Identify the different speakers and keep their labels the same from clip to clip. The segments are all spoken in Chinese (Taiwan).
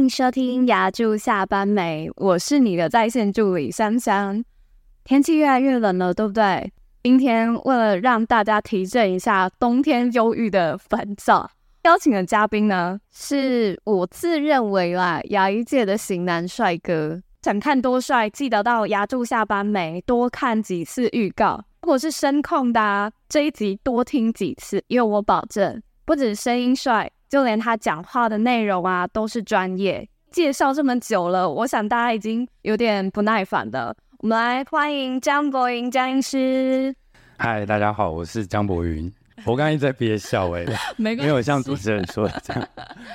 Speaker 1: 歡迎收聽牙助下班沒，我是你的在線助理珊珊，天氣越來越冷了，對不對？今天為了讓大家提振一下冬天憂鬱的煩躁，邀請的嘉賓呢是我自認為啦牙醫界的型男帥哥。想看多帥，記得到牙助下班沒多看幾次預告。如果是聲控的、啊，這一集多聽幾次，因為我保證不止聲音帥。就連他講話的內容啊，都是專業介紹。這麼久了，我想大家已經有點不耐煩的。我們來歡迎江博雲，江醫師。
Speaker 2: 嗨，大家好，我是江博雲。 我剛剛一直在憋笑，哎，
Speaker 1: 沒有像主
Speaker 2: 持人說的這樣。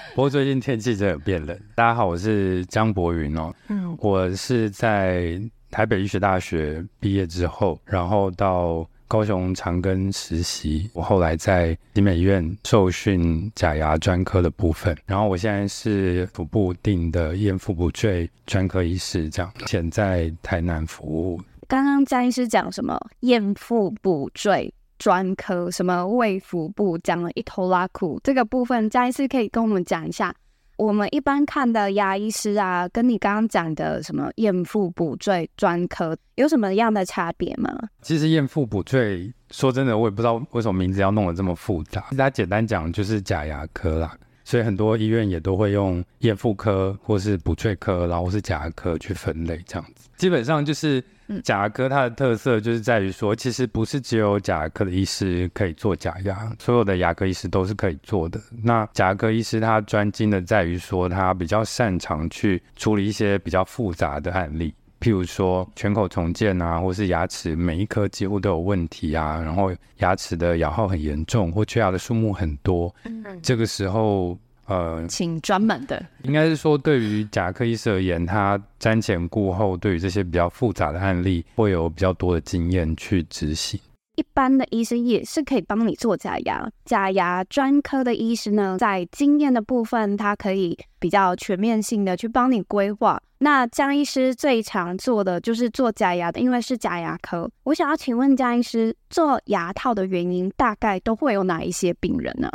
Speaker 2: 不過最近天氣真的變冷。大家好，我是江博雲哦。嗯，我是在台北醫學大學畢業之後，然後到，高雄長庚實習，我後來在奇美醫院受訓假牙專科的部分，然後我現在是部定的贋復補綴專科醫師，這樣，現在台南服務。
Speaker 1: 剛剛江醫師講什麼贋復補綴專科，什麼衛福部講了一頭拉褲，這個部分江醫師可以跟我們講一下。我們一般看的牙醫師啊，跟你剛剛講的什麼贋復補綴專科有什麼樣的差別嗎？
Speaker 2: 其實贋復補綴，說真的，我也不知道為什麼名字要弄得這麼複雜。大家簡單講就是假牙科啦。所以很多醫院也都會用贗復科，或是補綴科，然後是假牙科去分類這樣子。基本上就是，嗯，假牙科它的特色就是在於說，其實不是只有假牙科的醫師可以做假牙，所有的牙科醫師都是可以做的。那假牙科醫師他專精的在於說，他比較擅長去處理一些比較複雜的案例。譬如說全口重建啊，或是牙齒每一顆幾乎都有問題啊，然後牙齒的咬耗很嚴重，或缺牙的數目很多，嗯嗯，這個時候，呃，
Speaker 1: 請專門的，
Speaker 2: 應該是說對於牙科醫師而言，他瞻前顧後，對於這些比較複雜的案例，會有比較多的經驗去執行。
Speaker 1: 一般的醫生也是可以幫你做假牙，假牙專科的醫師呢，在經驗的部分，他可以比較全面性的去幫你規劃。那江醫師最常做的就是做假牙的，因為是假牙科。我想要請問江醫師，做牙套的原因大概都會有哪一些病人呢？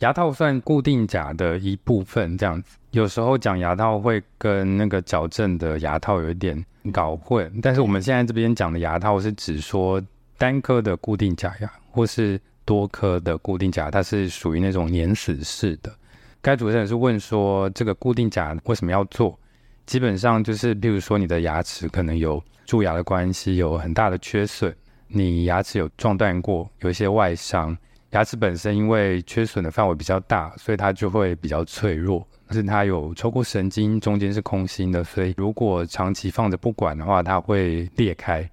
Speaker 2: 牙套算固定假的一部分，這樣子。有時候講牙套會跟那個矯正的牙套有一點搞混，但是我們現在這邊講的牙套是指說。單顆的固定假牙或是多顆的固定假牙，它是屬於那種粘死式的。該主持人是問說，這個固定假牙為什麼要做？基本上就是，例如說你的牙齒可能有蛀牙的關係，有很大的缺損，你牙齒有撞斷過，有一些外傷，牙齒本身因為缺損的範圍比較大，所以它就會比較脆弱。但是它有抽過神經，中間是空心的，所以如果長期放着不管的話，它會裂開。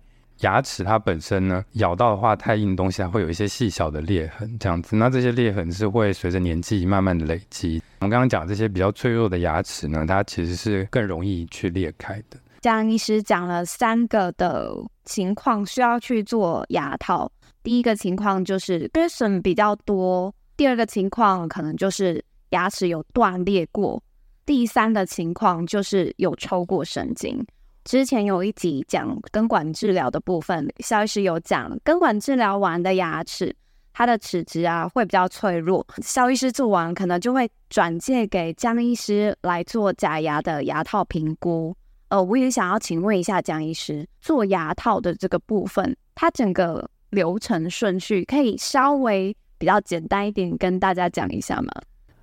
Speaker 2: 牙齒它本身呢，咬到的話太硬的東西，它會有一些細小的裂痕，這樣子。那這些裂痕是會隨着年紀慢慢的累積。我們剛剛講這些比較脆弱的牙齒呢，它其實是更容易去裂開的。
Speaker 1: 江醫師講了三個的情況需要去做牙套。第一個情況就是缺損比較多。第二個情況可能就是牙齒有斷裂過。第三個情況就是有抽過神經。之前有一集講根管治療的部分，肖醫師有講根管治療完的牙齒，它的齒質啊會比較脆弱。肖醫師做完可能就會轉介給江醫師來做假牙的牙套評估。呃，我也想要請問一下江醫師做牙套的這個部分，它整個流程順序可以稍微比較簡單一點，跟大家講一下嗎？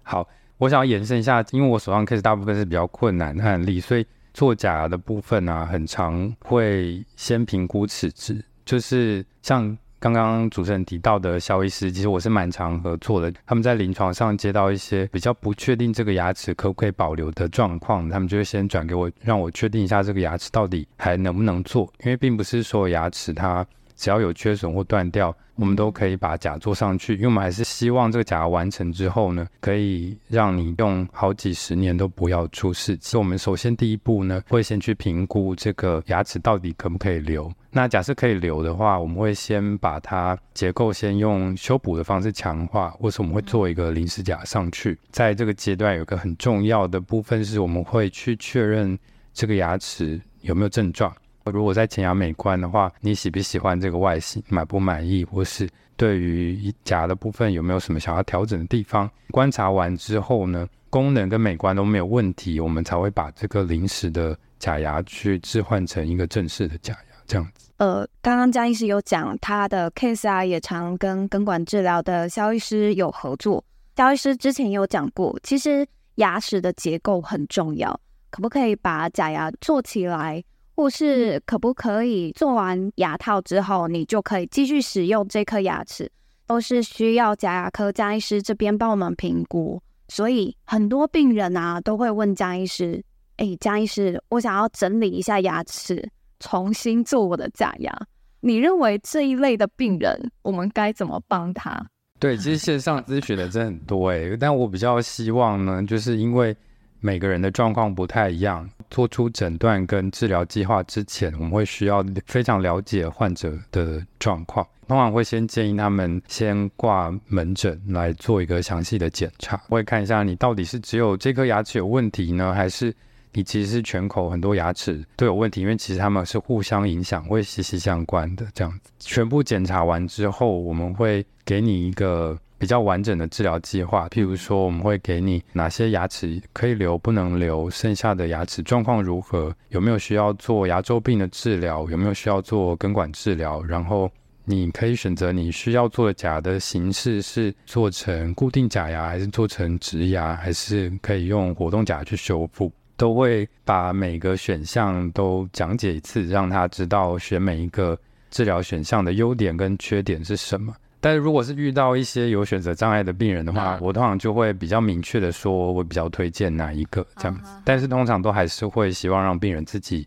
Speaker 2: 好，我想要延伸一下，因為我手上 case 大部分是比較困難案例，所以。做假牙的部分啊，很常會先評估齒質，就是像剛剛主持人提到的肖醫師，其實我是蠻常合作的。他們在臨床上接到一些比較不確定這個牙齒可不可以保留的狀況，他們就會先轉給我，讓我確定一下這個牙齒到底還能不能做，因為並不是說牙齒它。只要有缺損或斷掉，我們都可以把假做上去。因為我們還是希望這個假完成之後呢，可以讓你用好幾十年都不要出事。所以，我們首先第一步呢，會先去評估這個牙齒到底可不可以留。那假設可以留的話，我們會先把它結構先用修補的方式強化，或是我們會做一個臨時假上去。在這個階段，有一個很重要的部分是我們會去確認這個牙齒有沒有症狀。如果在前牙美觀的話，你喜不喜歡這個外形，滿不滿意，或是對於假牙的部分有沒有什麼想要調整的地方？觀察完之後呢，功能跟美觀都沒有問題，我們才會把這個臨時的假牙去置換成一個正式的假牙，這樣子。
Speaker 1: 呃，剛剛江醫師有講他的 case 啊，也常跟根管治療的肖醫師有合作。肖醫師之前有講過，其實牙齒的結構很重要，可不可以把假牙做起來？護、嗯、士可不可以做完牙套之後，你就可以繼續使用這顆牙齒？都是需要假牙科江醫師這邊幫我們評估。所以很多病人啊都會問江醫師：“誒、欸，江醫師，我想要整理一下牙齒，重新做我的假牙，你認為這一類的病人我們該怎麼幫他？”
Speaker 2: 對，其實線上諮詢的真的很多哎、欸，但我比較希望呢，就是因為。每個人的狀況不太一樣，做出診斷跟治療計劃之前，我們會需要非常了解患者的狀況。通常會先建議他們先掛門診來做一個詳細的檢查，我會看一下你到底是只有這顆牙齒有問題呢，還是你其實是全口很多牙齒都有問題，因為其實他們是互相影響，會息息相關的。的這樣子全部檢查完之後，我們會給你一個。比較完整的治療計劃，譬如說我們會給你哪些牙齒可以留、不能留，剩下的牙齒狀況如何，有沒有需要做牙周病的治療，有沒有需要做根管治療，然後你可以選擇你需要做的假的形式是做成固定假牙，還是做成植牙，還是可以用活動假去修復，都會把每個選項都講解一次，讓他知道選每一個治療選項的優點跟缺點是什麼。但是如果是遇到一些有選擇障礙的病人的話、啊，我通常就會比較明確的說，我比較推薦哪一個這樣子、啊啊。但是通常都還是會希望讓病人自己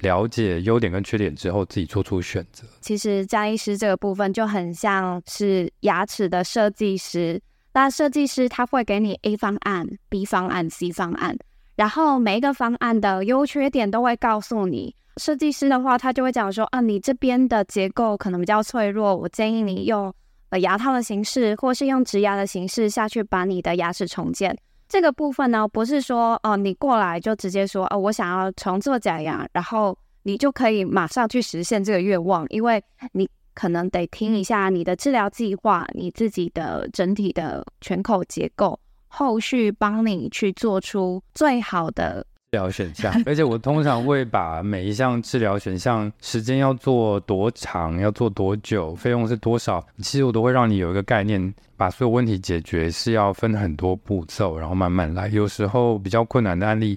Speaker 2: 了解優點跟缺點之後自己做出選擇。
Speaker 1: 其實江醫師這個部分就很像是牙齒的設計師，那設計師他會給你 A 方案、B 方案、C 方案，然後每一個方案的優缺點都會告訴你。設計師的話，他就會講說啊，你這邊的結構可能比較脆弱，我建議你用。牙套的形式，或是用植牙的形式下去把你的牙齒重建。這個部分呢，不是說哦、呃，你過來就直接說哦、呃，我想要重做假牙，然後你就可以馬上去實現這個願望。因為你可能得聽一下你的治療計劃，你自己的整體的全口結構，後續幫你去做出最好的。
Speaker 2: 療選項，而且我通常會把每一項治療選項時間要做多長，要做多久，費用是多少，其實我都會讓你有一個概念。把所有問題解決是要分很多步驟，然後慢慢來。有時候比較困難的案例，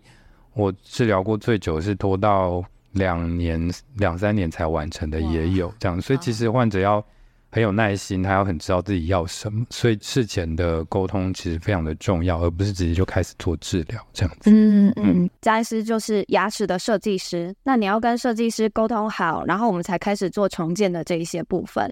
Speaker 2: 我治療過最久是拖到兩年、兩三年才完成的，也有這樣。所以其實患者要。很有耐心，他要很知道自己要什麼，所以事前的溝通其實非常的重要，而不是直接就開始做治療這樣
Speaker 1: 子。嗯嗯，嗯，江醫師就是牙齒的設計師，那你要跟設計師溝通好，然後我們才開始做重建的這一些部分。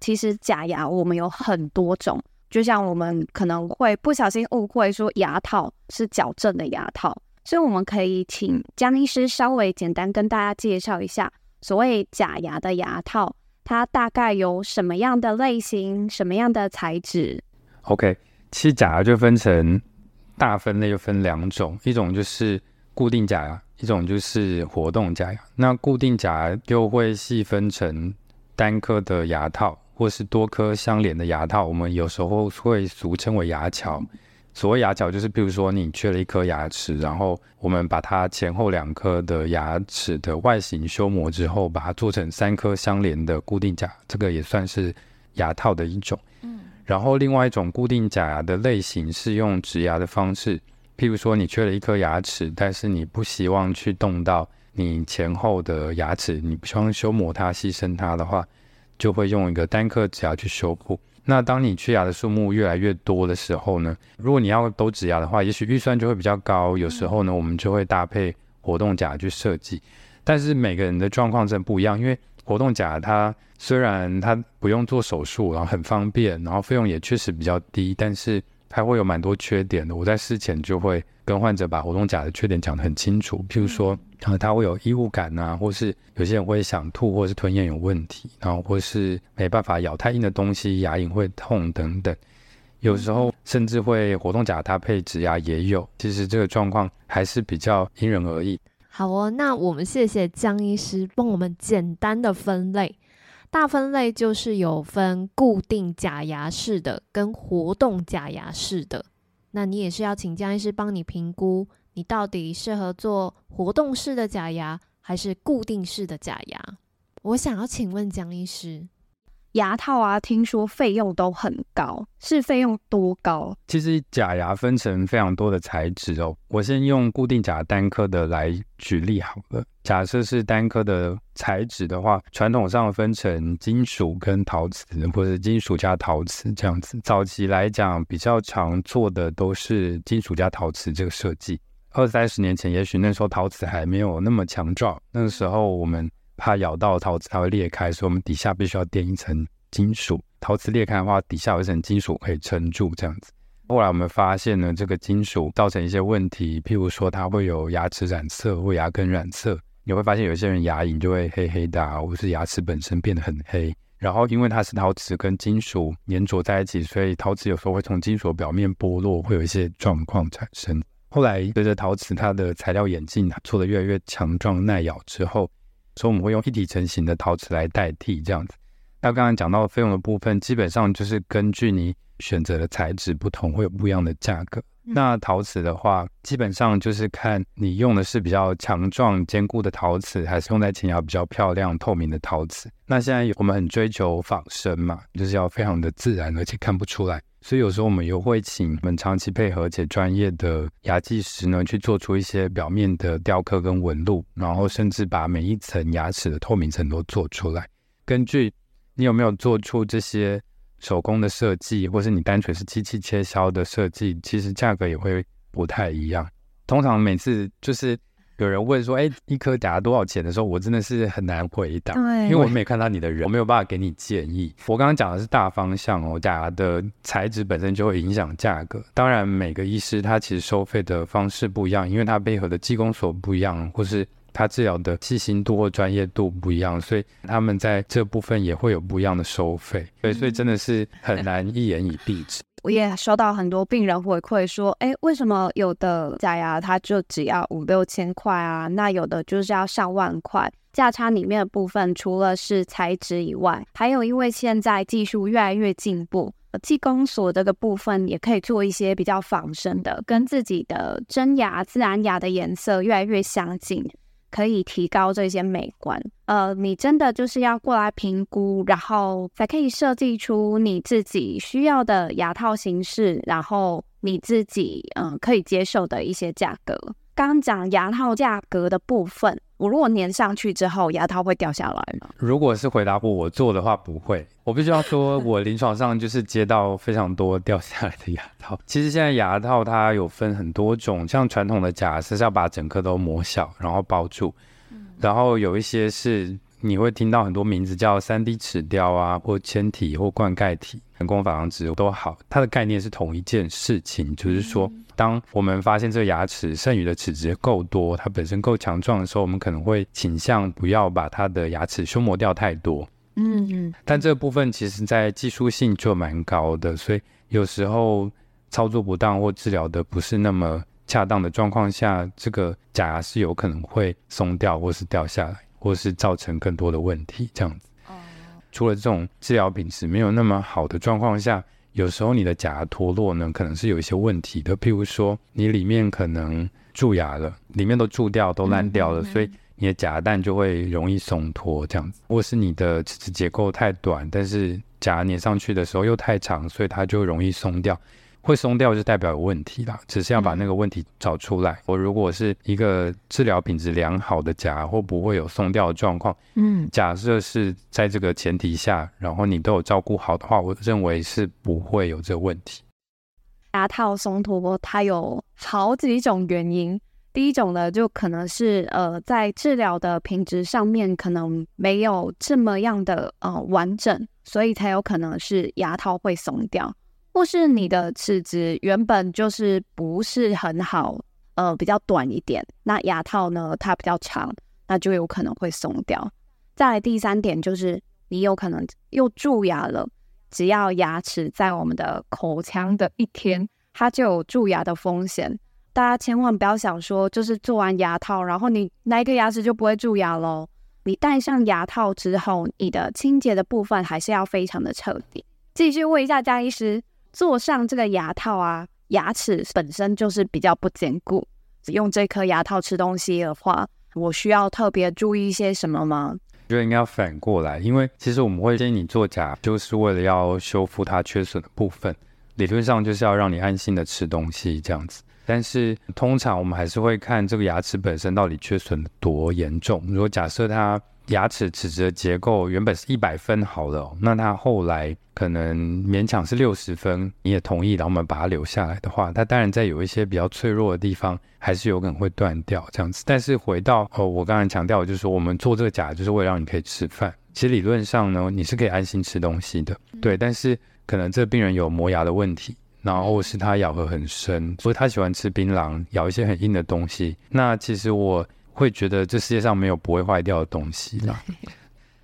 Speaker 1: 其實假牙我們有很多種，就像我們可能會不小心誤會說牙套是矯正的牙套，所以我們可以請江醫師稍微簡單跟大家介紹一下所謂假牙的牙套。它大概有什麼樣的類型，什麼樣的材質
Speaker 2: ？OK，其實假牙就分成大分類，就分兩種，一種就是固定假牙，一種就是活動假牙。那固定假牙又會細分成單顆的牙套，或是多顆相連的牙套，我們有時候會俗稱為牙橋。所謂牙橋，就是比如說你缺了一顆牙齒，然後我們把它前後兩顆的牙齒的外形修磨之後，把它做成三顆相連的固定假牙，這個也算是牙套的一種。嗯，然後另外一種固定假牙的類型是用植牙的方式，譬如說你缺了一顆牙齒，但是你不希望去動到你前後的牙齒，你不希望修磨它、犧牲它的話，就會用一個單顆假牙去修復。那當你缺牙的數目越來越多的時候呢？如果你要都植牙的話，也許預算就會比較高。有時候呢，我們就會搭配活動假去設計。但是每個人的狀況真不一樣，因為活動假它雖然它不用做手術，然後很方便，然後費用也確實比較低，但是。它會有蠻多缺點的，我在事前就會跟患者，把活動假的缺點講得很清楚，譬如說，呃、它會有異物感啊，或是有些人會想吐，或者是吞嚥有問題，然後或是沒辦法咬太硬的東西，牙齦會痛等等，有時候甚至會活動假搭配植牙，啊、也有，其實這個狀況還是比較因人而異。
Speaker 1: 好哦，那我們謝謝江醫師幫我們簡單的分類。大分類就是有分固定假牙式的跟活動假牙式的，那你也是要請江醫師幫你評估，你到底適合做活動式的假牙還是固定式的假牙。我想要請問江醫師。牙套啊，聽說費用都很高，是費用多高？
Speaker 2: 其實假牙分成非常多的材質哦。我先用固定假單顆的來舉例好了。假設是單顆的材質的話，傳統上分成金屬跟陶瓷，或是金屬加陶瓷這樣子。早期來講，比較常做的都是金屬加陶瓷這個設計。二三十年前，也許那時候陶瓷還沒有那麼強壯，那時候我們。怕咬到陶瓷它會裂開，所以我們底下必須要墊一層金屬。陶瓷裂開的話，底下有一層金屬可以撐住，這樣子。後來我們發現呢，這個金屬造成一些問題，譬如說它會有牙齒染色或牙根染色，你會發現有些人牙齦就會黑黑的，或是牙齒本身變得很黑。然後因為它是陶瓷跟金屬粘着在一起，所以陶瓷有時候會從金屬表面剝落，會有一些狀況產生。後來隨着陶瓷它的材料演進，它做的越來越強壯耐咬之後。所以我們會用一體成型的陶瓷來代替這樣子。那剛剛講到費用的部分，基本上就是根據你。選擇的材質不同，會有不一樣的價格。那陶瓷的話，基本上就是看你用的是比較強壯堅固的陶瓷，還是用在前牙比較漂亮透明的陶瓷。那現在我們很追求仿生嘛，就是要非常的自然，而且看不出來。所以有時候我們也會請我們長期配合且專業的牙技師呢，去做出一些表面的雕刻跟紋路，然後甚至把每一層牙齒的透明層都做出來。根據你有沒有做出這些。手工的設計，或是你單純是機器切削的設計，其實價格也會不太一樣。通常每次就是有人問說：“誒、欸、一顆假牙多少錢？”的時候，我真的是很難回答， 因為我沒有看到你的人， 我沒有辦法給你建議。我剛剛講的是大方向哦，假牙的材質本身就會影響價格。當然，每個醫師他其實收費的方式不一樣，因為他背後的技工所不一樣，或是。它治療的細心度或專業度不一樣，所以他們在這部分也會有不一樣的收費。對，所以真的是很難一言以蔽之。
Speaker 1: 我也收到很多病人回饋說：“哎、欸，為什麼有的假牙它就只要五六千塊啊？那有的就是要上萬塊？價差裡面的部分，除了是材質以外，還有因為現在技術越來越進步，技工所這個部分也可以做一些比較仿生的，跟自己的真牙、自然牙的顏色越來越相近。”可以提高這些美觀，呃，你真的就是要過來評估，然後才可以設計出你自己需要的牙套形式，然後你自己嗯，呃，可以接受的一些價格。剛剛講牙套價格的部分。我如果粘上去之後，牙套會掉下來嗎？
Speaker 2: 如果是回答我，我做的話，不會。我必須要說，我臨床上就是接到非常多掉下來的牙套。 其實現在牙套它有分很多種，像傳統的假牙是要把整顆都磨小，然後包住，嗯、然後有一些是。你會聽到很多名字，叫三 D 齒雕啊，或嵌體，或冠蓋體，人工珐琅質都好，它的概念是同一件事情，就是說，當我們發現這個牙齒剩餘的齒質夠多，它本身夠強壯的時候，我們可能會傾向不要把它的牙齒修磨掉太多。嗯嗯。但這個部分其實在技術性就蠻高的，所以有時候操作不當或治療的不是那麼恰當的狀況下，這個假牙是有可能會鬆掉或是掉下來。或是造成更多的問題，這樣子。除了這種治療品質沒有那麼好的狀況下，有時候你的假牙脫落呢，可能是有一些問題的。譬如說，你裡面可能蛀牙了，裡面都蛀掉、都爛掉了，所以你的假牙蛋就會容易鬆脫，這樣子。或是你的牙齒結構太短，但是假牙粘上去的時候又太長，所以它就容易鬆掉。會鬆掉就代表有問題啦，只是要把那個問題找出來。我、嗯、如果是一個治療品質良好的假，或不會有鬆掉的狀況。嗯，假設是在這個前提下，然後你都有照顧好的話，我認為是不會有這個問題。
Speaker 1: 牙套鬆脫，它有好幾種原因。第一種呢，就可能是呃，在治療的品質上面可能沒有這麼樣的呃完整，所以才有可能是牙套會鬆掉。或是你的齒質原本就是不是很好，呃，比較短一點，那牙套呢，它比較長，那就有可能會鬆掉。再來第三點就是你有可能又蛀牙了，只要牙齒在我們的口腔的一天，它就有蛀牙的風險。大家千萬不要想說就是做完牙套，然後你那顆牙齒就不會蛀牙咯。你戴上牙套之後，你的清潔的部分還是要非常的徹底。繼續問一下江醫師。做上這個牙套啊，牙齒本身就是比較不堅固，用這顆牙套吃東西的話，我需要特別注意一些什麼嗎？
Speaker 2: 就應該要反過來，因為其實我們會建議你做假，就是為了要修復它缺損的部分，理論上就是要讓你安心的吃東西這樣子。但是通常我們還是會看這個牙齒本身到底缺損的多嚴重。如果假設它牙齒齒質的結構原本是一百分好了，哦，那它後來可能勉強是六十分，你也同意，然後我們把它留下來的話，它當然在有一些比較脆弱的地方還是有可能會斷掉這樣子。但是回到呃、哦，我剛才強調的就是說，我們做這個假就是為了讓你可以吃飯。其實理論上呢，你是可以安心吃東西的，對。但是可能這個病人有磨牙的問題。然後是他咬合很深，所以他喜歡吃檳榔，咬一些很硬的東西。那其實我會覺得這世界上沒有不會壞掉的東西啦。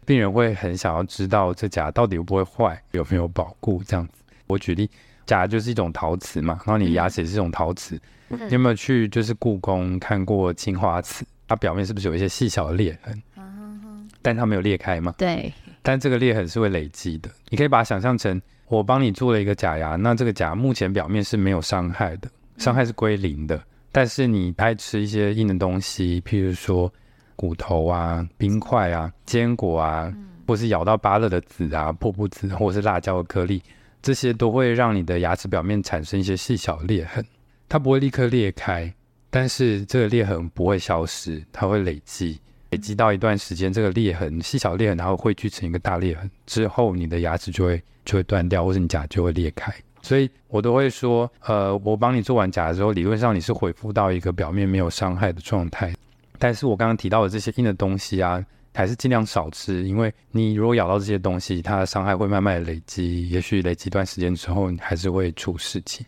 Speaker 2: 病人會很想要知道這假到底會不會壞，有沒有保固這樣子。我舉例，假就是一種陶瓷嘛，然後你牙齒也是一種陶瓷、嗯。你有沒有去就是故宮看過青花瓷？它表面是不是有一些細小的裂痕？但它沒有裂開嗎？對。但這個裂痕是會累積的，你可以把它想象成我幫你做了一個假牙，那這個假牙目前表面是沒有傷害的，傷害是歸零的。但是你愛吃一些硬的東西，譬如說骨頭啊、冰塊啊、堅果啊，嗯、或是咬到芭樂的籽啊、破布籽，或是辣椒的顆粒，這些都會讓你的牙齒表面產生一些細小裂痕。它不會立刻裂開，但是這個裂痕不會消失，它會累積。累積到一段時間，這個裂痕、細小裂痕，然後匯聚成一個大裂痕之後，你的牙齒就會就會斷掉，或者你假牙就會裂開。所以，我都會說，呃，我幫你做完假牙之後，理論上你是恢復到一個表面沒有傷害的狀態。但是我剛剛提到的這些硬的東西啊，還是盡量少吃，因為你如果咬到這些東西，它的傷害會慢慢的累積，也許累積一段時間之後，你還是會出事情。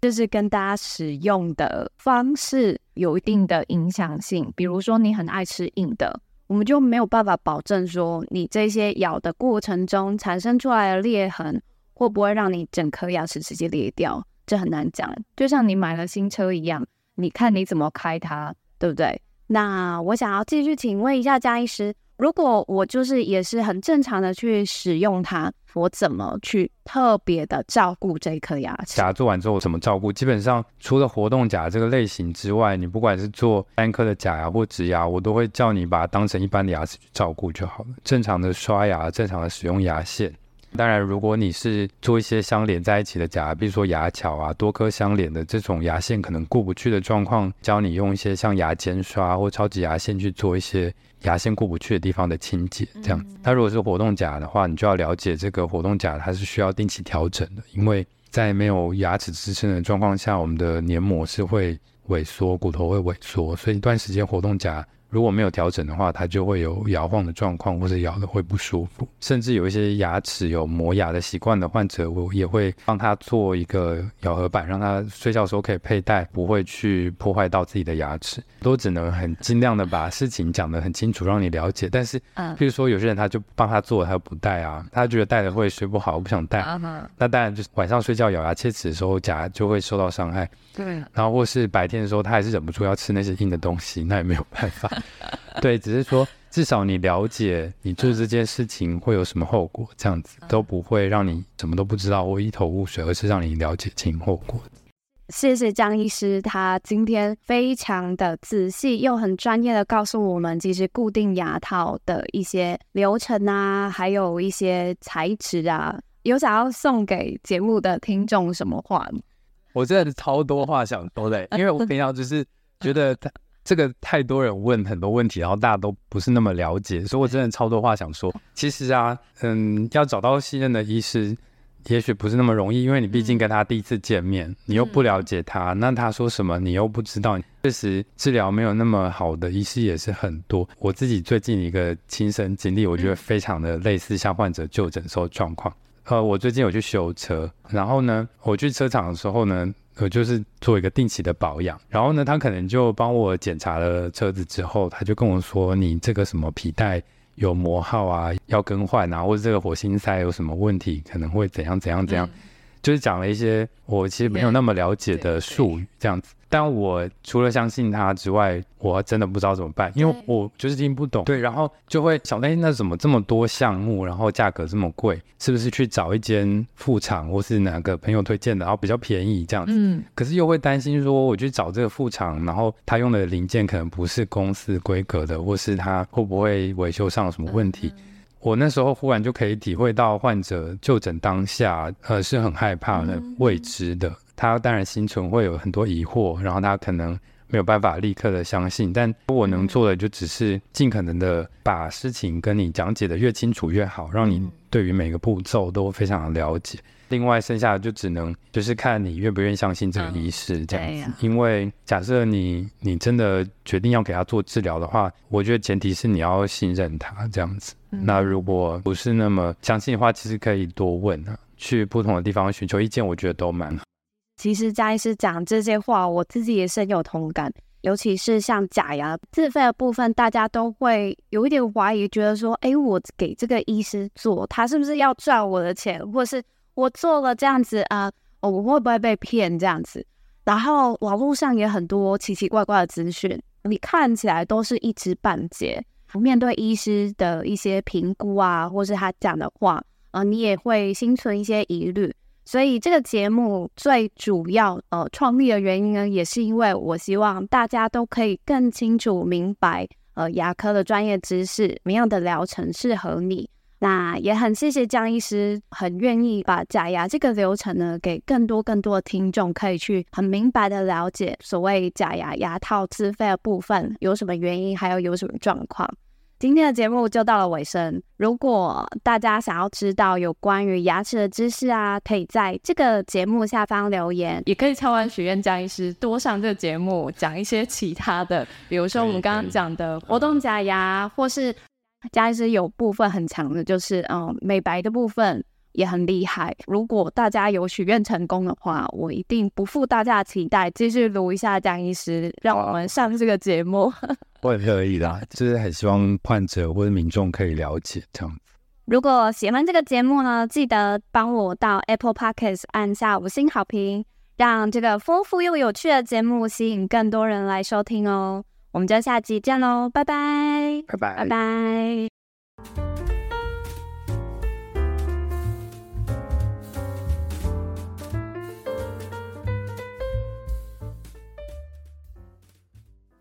Speaker 1: 這是跟大家使用的方式。有一定的影響性，比如說你很愛吃硬的，我們就沒有辦法保證說，你這些咬的過程中產生出來的裂痕會不會讓你整顆牙齒直接裂掉，這很難講。就像你買了新車一樣，你看你怎麼開它，對不對？那我想要繼續請問一下江醫師。如果我就是也是很正常的去使用它，我怎麼去特別的照顧這顆牙齒？
Speaker 2: 假牙做完之後我怎麼照顧？基本上除了活動假牙這個類型之外，你不管是做單顆的假牙或植牙，我都會叫你把它當成一般的牙齒去照顧就好了。正常的刷牙，正常的使用牙線。當然，如果你是做一些相連在一起的假牙，比如說牙橋啊，多顆相連的這種牙線可能過不去的狀況，教你用一些像牙間刷或超級牙線去做一些牙線過不去的地方的清潔。這樣它如果是活動假的話，你就要了解這個活動假它是需要定期調整的，因為在沒有牙齒支撐的狀況下，我們的黏膜是會萎縮，骨頭會萎縮，所以一段時間活動假。如果沒有調整的話，他就會有搖晃的狀況，或者咬的會不舒服。甚至有一些牙齒有磨牙的習慣的患者，我也會幫他做一個咬合板，讓他睡覺的時候可以佩戴，不會去破壞到自己的牙齒。都只能很盡量的把事情講得很清楚，讓你了解。但是，譬如說有些人他就幫他做，他又不戴啊，他覺得戴着會睡不好，我不想戴。那當然就是晚上睡覺咬牙切齒的時候，假牙就會受到傷害。對。然後或是白天的時候，他還是忍不住要吃那些硬的東西，那也沒有辦法。 對，只是說，至少你了解你做這件事情會有什麼後果，這樣子都不會讓你什麼都不知道，我一頭霧水，而是讓你了解前因後果。
Speaker 1: 謝謝江醫師，他今天非常的仔細又很專業的告訴我們，其實固定牙套的一些流程啊，還有一些材質啊，有想要送給節目的聽眾什麼話嗎？
Speaker 2: 我真的超多話想說的，因為我平常就是覺得。這個太多人問很多問題，然後大家都不是那麼了解，所以我真的超多話想說。其實啊，嗯，要找到信任的醫師，也許不是那麼容易，因為你畢竟跟他第一次見面，嗯、你又不了解他，那他說什麼你又不知道。嗯、確實，治療沒有那麼好的醫師也是很多。我自己最近一個親身經歷，我覺得非常的類似，像患者就診的時候的狀況、嗯。呃，我最近有去修車，然後呢，我去車廠的時候呢。呃，就是做一個定期的保養，然後呢，他可能就幫我檢查了車子之後，他就跟我說：“你這個什麼皮帶有磨耗啊，要更換啊，或者這個火星塞有什麼問題，可能會怎樣怎樣怎樣。”嗯就是講了一些我其實沒有那麼了解的術語這樣子，yeah, 但我除了相信他之外，我真的不知道怎麼辦，因為我就是聽不懂。Yeah. 對，然後就會想，哎，那怎麼這麼多項目，然後價格這麼貴，是不是去找一間副廠或是哪個朋友推薦的，然後比較便宜這樣子？嗯。可是又會擔心說，我去找這個副廠，然後他用的零件可能不是公司規格的，或是他會不會維修上有什麼問題？嗯嗯。我那時候忽然就可以體會到，患者就診當下，呃，是很害怕的、未知的。他當然心存會有很多疑惑，然後他可能沒有辦法立刻的相信。但我能做的就只是盡可能的把事情跟你講解的越清楚越好，讓你。對於每個步驟都非常了解，另外剩下的就只能就是看你願不願意相信這個醫師這樣子。嗯啊、因為假設你你真的決定要給他做治療的話，我覺得前提是你要信任他這樣子。嗯、那如果不是那麼相信的話，其實可以多問啊，去不同的地方尋求意見，我覺得都蠻好。
Speaker 1: 其實江醫師講這些話，我自己也深有同感。尤其是像假牙自費的部分，大家都會有一點懷疑，覺得說，哎、欸，我給這個醫師做，他是不是要賺我的錢，或是我做了這樣子，啊，哦、我會不會被騙這樣子？然後網絡上也很多奇奇怪怪的資訊，你看起來都是一知半解，面對醫師的一些評估啊，或是他講的話，啊、呃，你也會心存一些疑慮。所以這個節目最主要呃創立的原因呢，也是因為我希望大家都可以更清楚明白呃牙科的專業知識，什麼樣的療程適合你。那也很謝謝江醫師，很願意把假牙這個流程呢，給更多更多的聽眾可以去很明白的了解，所謂假牙牙套自費的部分有什麼原因，還有有什麼狀況。今天的節目就到了尾聲。如果大家想要知道有關於牙齒的知識啊，可以在這個節目下方留言，也可以敲碗許願，江醫師多上這個節目講一些其他的，比如說我們剛剛講的活動假牙，或是江醫師有部分很強的，就是嗯，美白的部分也很厲害。如果大家有許願成功的話，我一定不負大家的期待，繼續錄一下江醫師，讓我們上這個節目。Oh.
Speaker 2: 我也可以啦，就是很希望患者或者民眾可以了解這樣子。
Speaker 1: 如果喜歡這個節目呢，記得幫我到 Apple Podcast 按下五星好評，讓這個豐富又有趣的節目吸引更多人來收聽哦。我們就下集見嘍，拜拜，拜拜，拜拜。